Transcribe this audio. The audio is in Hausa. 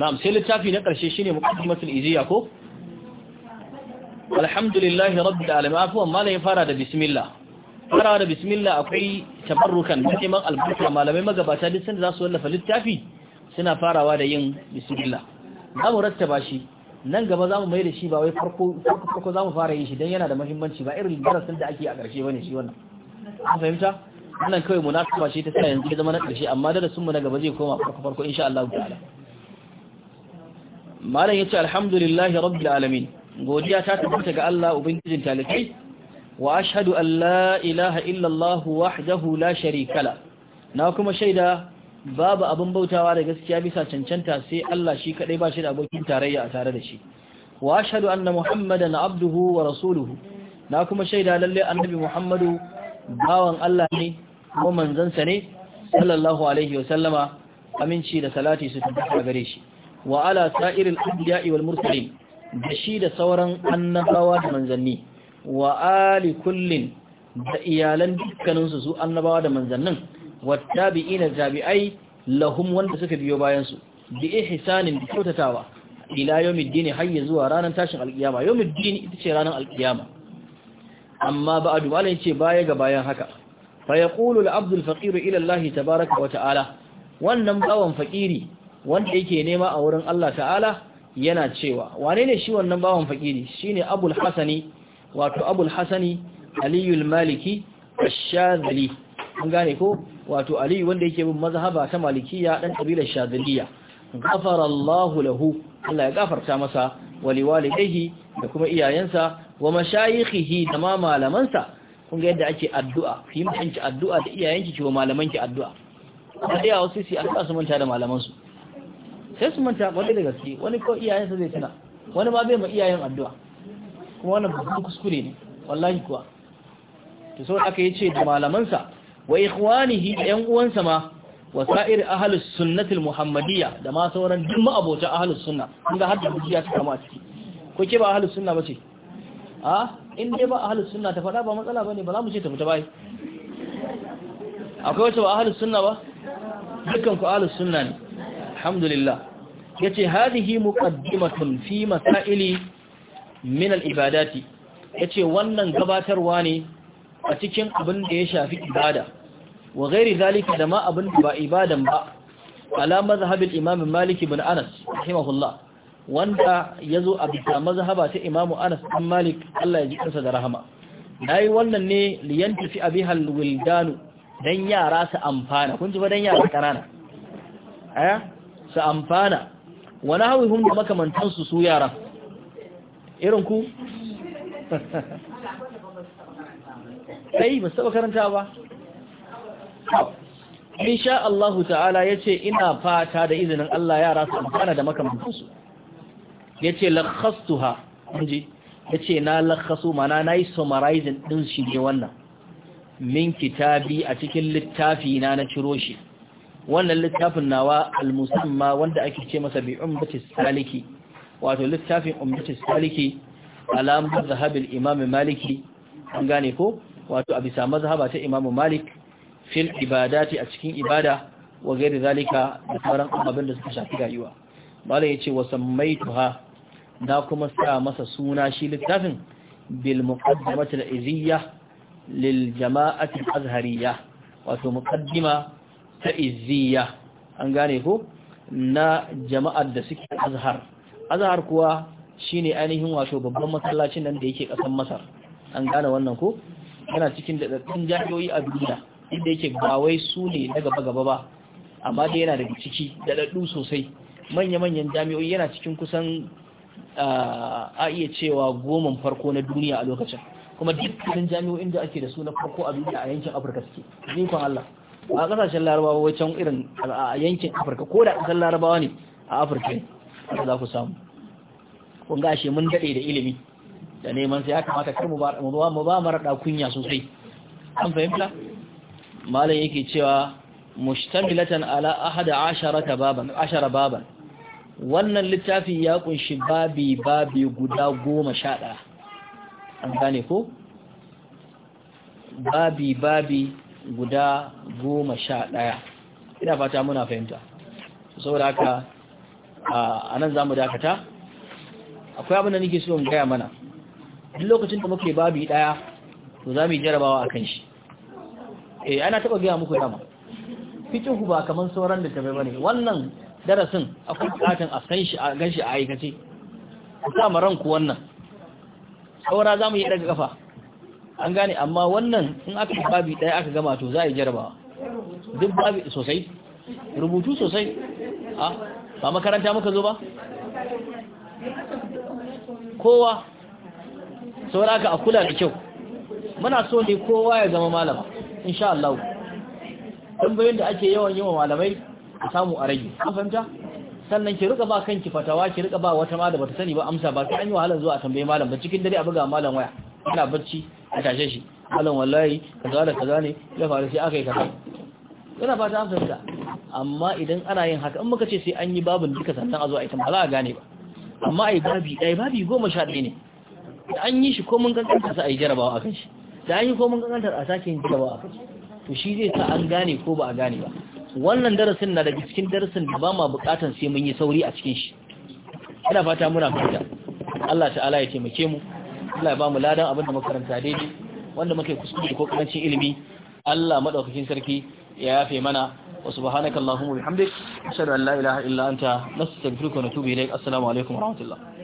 na'am sai littafi na karshe shine muqaddimatul iziya ko alhamdulillahi rabbil alamin afwan malai ya fara da bismillah farawa da bismillah akwai tabarrukan da neman albarka malamai magabata duk sanda za su wallafa littafi suna farawa da yin bismillah za mu rattaba shi nan gaba za mu mai da shi ba wai farko farko za mu fara yin shi dan yana da mahimmanci ba irin darasin da ake a ƙarshe bane shi wannan an fahimta wannan kawai munasaba shi ta sa yanzu zama na ƙarshe amma darasin mu na gaba zai koma farko farko insha Allah ta'ala malam yace alhamdulillahi rabbil alamin godiya ta tabbata ga Allah ubangijin talikai wa ashhadu an la ilaha illallah wahdahu la sharika la na kuma shaida babu abin bautawa da gaskiya bisa cancanta sai Allah shi kadai ba shi da abokin tarayya a tare da shi wa ashhadu anna muhammadan abduhu wa rasuluhu na kuma shaida lalle annabi muhammadu bawan Allah ne kuma manzansa ne sallallahu alaihi wa sallama aminci da salati su tabbata gare shi wa ala irin anbiya'i wal mursalin da shi da sauran annabawa da manzanni wa ali kullin da iyalan dukkaninsu su annabawa da manzannin wattabi'ina jabi'ai lahum wanda suka biyo bayan su bi ihsanin da kyautatawa ila yawmiddin hayya zuwa ranar tashin alkiyama yawmiddin ita ce ranar alkiyama amma a malai ce baya ga bayan haka fa yaqulu al-abdu faqir ila Allah tabaaraka wa ta'ala wannan bawan fakiri wanda yake nema a wurin Allah ta'ala yana cewa wane ne shi wannan bawan fakiri shine abul hasani wato abul hasani aliyul maliki ash-shadhili an gane ko wato aliyu wanda yake bin mazhaba ta malikiya dan kabilar shadhiliya ghafara Allahu lahu Allah ya gafarta masa wa liwalidayhi da kuma iyayensa wa mashayikhihi da ma malamansa kun ga yadda ake addu'a fi mahanci addu'a da iyayenki ki wa malamanki addu'a a dai a wasu sai an kasu manta da malamansu sai su manta kwarai da gaske wani ko iyayensa zai tuna wani ma bai ma iyayen addu'a kuma wannan babban kuskure ne wallahi kuwa to sai aka yi ce da malamansa wa ikhwanihi da yan uwansa ma wa sa'ir ahlus sunnatil muhammadiyya da ma sauran duk ma'abota ahlus sunna kun ga har da bujiya ta kama ciki ko ke ba ahlus sunna bace a in dai ba ahlus sunna ta fada ba matsala bane ba za mu ce ta fita bai akwai wata ba ahlus sunna ba dukkan ku ahlus sunna ne alhamdulillah yace hadhihi muqaddimatun fi masaili min al yace wannan gabatarwa ne a cikin abin da ya shafi ibada wa ghairi zalika da ma abin ba ibadan ba ala mazhabil imam malik ibn anas rahimahullah wanda yazo a bisa mazhaba ta imam anas ibn malik Allah ya ji kansa da rahama yi wannan ne liyantafi abihal wildanu dan yara su amfana kun ji fa dan yara karana aya eh? su amfana wani hauhun da makamantansu su yara irin ku? sai ba saba karanta ba insha Allahu ta'ala yace ina fata da izinin Allah yara su amfana da makamantansu yace lakhastuha inji yace na lakhasu mana nayi summarizing din shi ne wannan min kitabi a cikin littafi na na ciro shi wannan littafin nawa al-musamma wanda ake ce masa bi umdatis saliki wato littafin umdatis saliki ala zahabin imam maliki an gane ko wato a bisa mazhaba ta imam malik fil ibadati a cikin ibada wa gairi zalika da sauran ababen da suka shafi rayuwa malam yace mai tuha na kuma sa masa suna shi littafin bil muqaddimati al-iziyya lil jama'ati azhariyya wato muqaddima ta iziyya. an gane ko na jama'ar da suke azhar azhar kuwa shine ainihin wato babban masallacin nan da yake kasan masar an gane wannan ko yana cikin daɗaɗɗun jami'o'i a duniya inda yake ba wai su ne na gaba gaba ba amma dai yana daga ciki daɗaɗɗu sosai manya-manyan jami'o'i yana cikin kusan a iya cewa goma farko na duniya a lokacin kuma dukkanin jami'o'in da ake da su na farko a duniya a yankin afirka suke zikon allah a kasashen larabawa wacan irin a yankin afirka ko da kasar larabawa ne a afirka ne za ku samu kun gashi ashe mun daɗe da ilimi da neman sai ya kamata kar mu ba mu ba mara da kunya sosai an fahimta malam yake cewa mustamilatan ala ahada asharata baban ashara baban wannan littafi ya kunshi babi babi guda goma sha ɗaya an gane ko babi babi guda goma sha ɗaya ina fata muna fahimta saboda haka a nan za mu dakata akwai abin da nake so in gaya mana duk lokacin da muke babi ɗaya to za mu yi jarabawa a kan shi e ana taɓa gaya muku dama ku ba kamar sauran da tafai bane wannan darasin akwai bukatan a san shi a ganshi a aikace ku sa ma ranku wannan saura za mu yi daga kafa an gane amma wannan in aka yi babi ɗaya aka gama to za a yi jarabawa duk babi sosai rubutu sosai a ba makaranta muka zo ba kowa saboda aka a kula da kyau muna so ne kowa ya zama malama insha Allah bayan da ake yawan yi wa malamai a samu a rage an fahimta sannan ki rika ba kanki fatawa ki rika ba wata ma da bata sani ba amsa ba sai an yi wahalar zuwa a tambayi malam ba cikin dare a buga malam waya ina bacci a tashe shi alan wallahi kaza da kaza ne ya faru sai aka yi kaza yana fata ta amsarta amma idan ana yin haka in muka ce sai an yi babin duka sannan a zo a yi ba a gane ba amma a yi babi ɗaya babi goma sha ɗaya ne da an yi shi ko mun kankanta sa a yi jarabawa a kan shi da an yi ko mun kankanta a sake yin jarabawa a kan shi to shi zai sa an gane ko ba a gane ba wannan darasin na daga cikin darasin da ba ma bukatan sai mun yi sauri a cikin shi ina fata muna fata Allah ta'ala ya taimake mu Allah ya ba mu ladan abin da makaranta daidai wanda muke kuskure ko karancin ilimi Allah madaukakin sarki ya yafe mana wa subhanakallahumma bihamdik ashhadu an la ilaha illa anta nastaghfiruka wa natubu ilaik assalamu alaikum wa rahmatullah